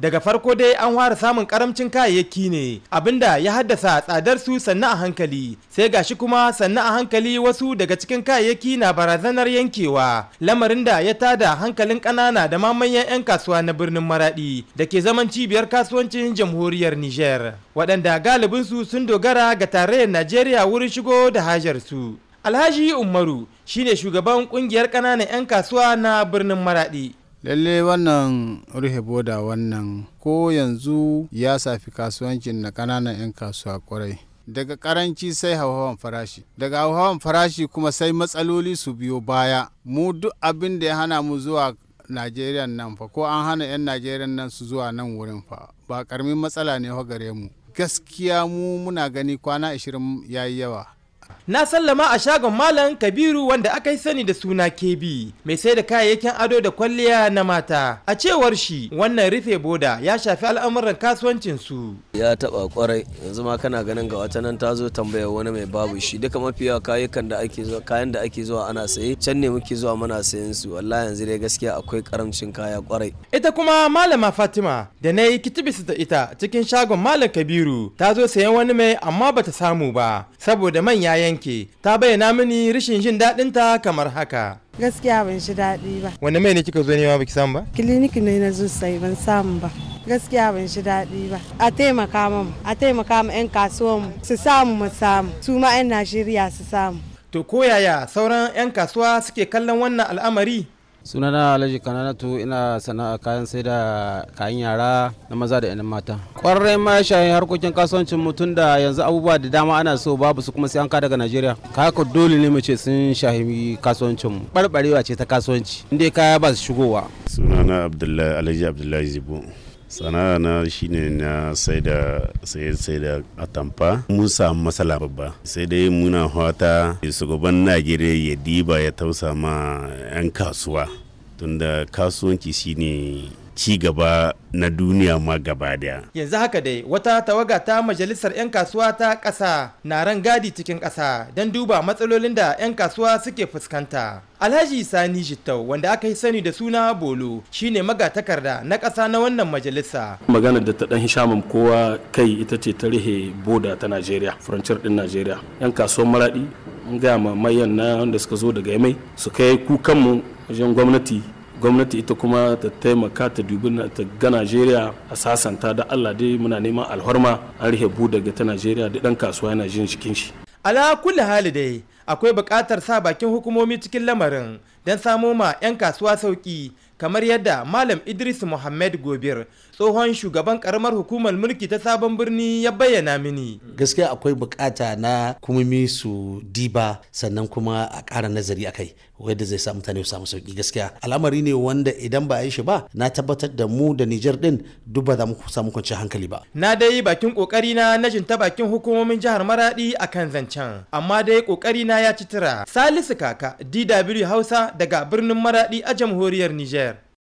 daga farko dai an fara samun karamcin kayayyaki ne abinda ya haddasa tsadar su sannu a hankali sai gashi kuma sannu a hankali wasu daga cikin kayayyaki na barazanar yankewa lamarin da ya tada hankalin kanana da mamayen 'yan kasuwa na birnin maradi da ke zaman cibiyar kasuwancin jamhuriyar niger waɗanda galibinsu sun dogara ga tarayyar najeriya wurin shigo da hajar su alhaji umaru shine shugaban kungiyar ƙananan 'yan kasuwa na birnin maradi lalle wannan rufe boda wannan ko yanzu ya safi kasuwancin na ƙananan 'yan kasuwa kwarai daga karanci sai hauhawan farashi daga hauhawan farashi kuma sai matsaloli su biyo baya mu duk abin da ya hana mu zuwa najeriya nan fa ko an hana 'yan najeriya nan su zuwa nan wurin fa ba karamin matsala ne gare mu gaskiya mu muna gani kwana 20 yayi yawa na sallama a shagon malam kabiru wanda aka yi sani da suna kb mai sai da kayayyakin ado da kwalliya na mata a cewar shi wannan rufe boda ya shafi al'amuran kasuwancin su ya taba kwarai yanzu ma kana ganin ga wata nan ta tambaya wani mai babu shi duka mafiya kayayyakan da ake zuwa kayan da ake zuwa ana saye can ne muke zuwa muna sayen su wallahi yanzu dai gaskiya akwai karamcin kaya kwarai ita kuma malama fatima da na yi kitibis da ita cikin shagon malam kabiru ta zo sayan wani mai amma bata samu ba saboda man yanki yanke ta bayyana mini rashin jin daɗinta kamar haka. Gaskiya ban shi daɗi ba. Wani mai ne kika zo nema baki samu ba? Clinic ne na zo sai ban samu ba. gaskiya ban shi daɗi ba a taimaka mu a taimaka ma 'yan kasuwanmu su samu mu samu su ma 'yan najeriya su samu to koyaya sauran 'yan kasuwa suke kallon wannan al'amari sunana alhaji kananatu ina sana'a kayan sai da kayan yara na maza da 'yan mata kwarai ma shahin harkokin kasuwancin mutum da yanzu abubuwa da dama ana so babu su kuma sai an ka daga najeriya kaka dole ne mu ce sun shahi kasuwancin mu barbarewa ce ta kasuwanci inda kaya ba su shigowa sunana abdullahi alhaji abdullahi zibo sana'a na shine na sai da sai da atamfa mun samu matsala babba sai dai muna fata shugaban najeriya ya diba ya tausa ma 'yan kasuwa tunda kasuwanci shine ci gaba na duniya ma gaba daya. Yanzu haka dai wata tawaga ta majalisar 'yan kasuwa ta ƙasa na ran gadi cikin ƙasa don duba matsalolin da 'yan kasuwa suke fuskanta. Alhaji Sani Jittau wanda aka yi sani da suna Bolo shine magatakarda na ƙasa na wannan majalisa. magana da ta ɗan Hishamun kowa kai ita ce ta rihe boda ta Najeriya, furancir ɗin Najeriya. 'Yan kasuwan maraɗi, an gaya mamayan na wanda suka zo daga yamai su kai kukanmu wajen gwamnati gwamnati ita kuma ta taimaka ta dubi ta ga najeriya a sasanta da allah dai muna neman alhorma an rihe bu daga ta najeriya da dan kasuwa yana jin cikin shi ala kulli hali dai akwai bukatar sa bakin hukumomi cikin lamarin don samo ma 'yan kasuwa sauƙi kamar yadda malam idris muhammad gobir tsohon shugaban karamar hukumar mulki ta sabon birni ya bayyana mini gaskiya akwai bukata na kumumi su diba sannan kuma a ƙara nazari akai wadda zai sa mutane su samu sauki gaskiya al'amari ne wanda idan ba a yi shi ba na tabbatar da mu da nijar din duk ba za mu samu kwanciyar hankali ba na dai bakin kokari na na ta bakin hukumomin jihar maradi akan zancen amma dai kokari na ya ci salisu kaka dw hausa daga birnin maradi a jamhuriyar Nijar.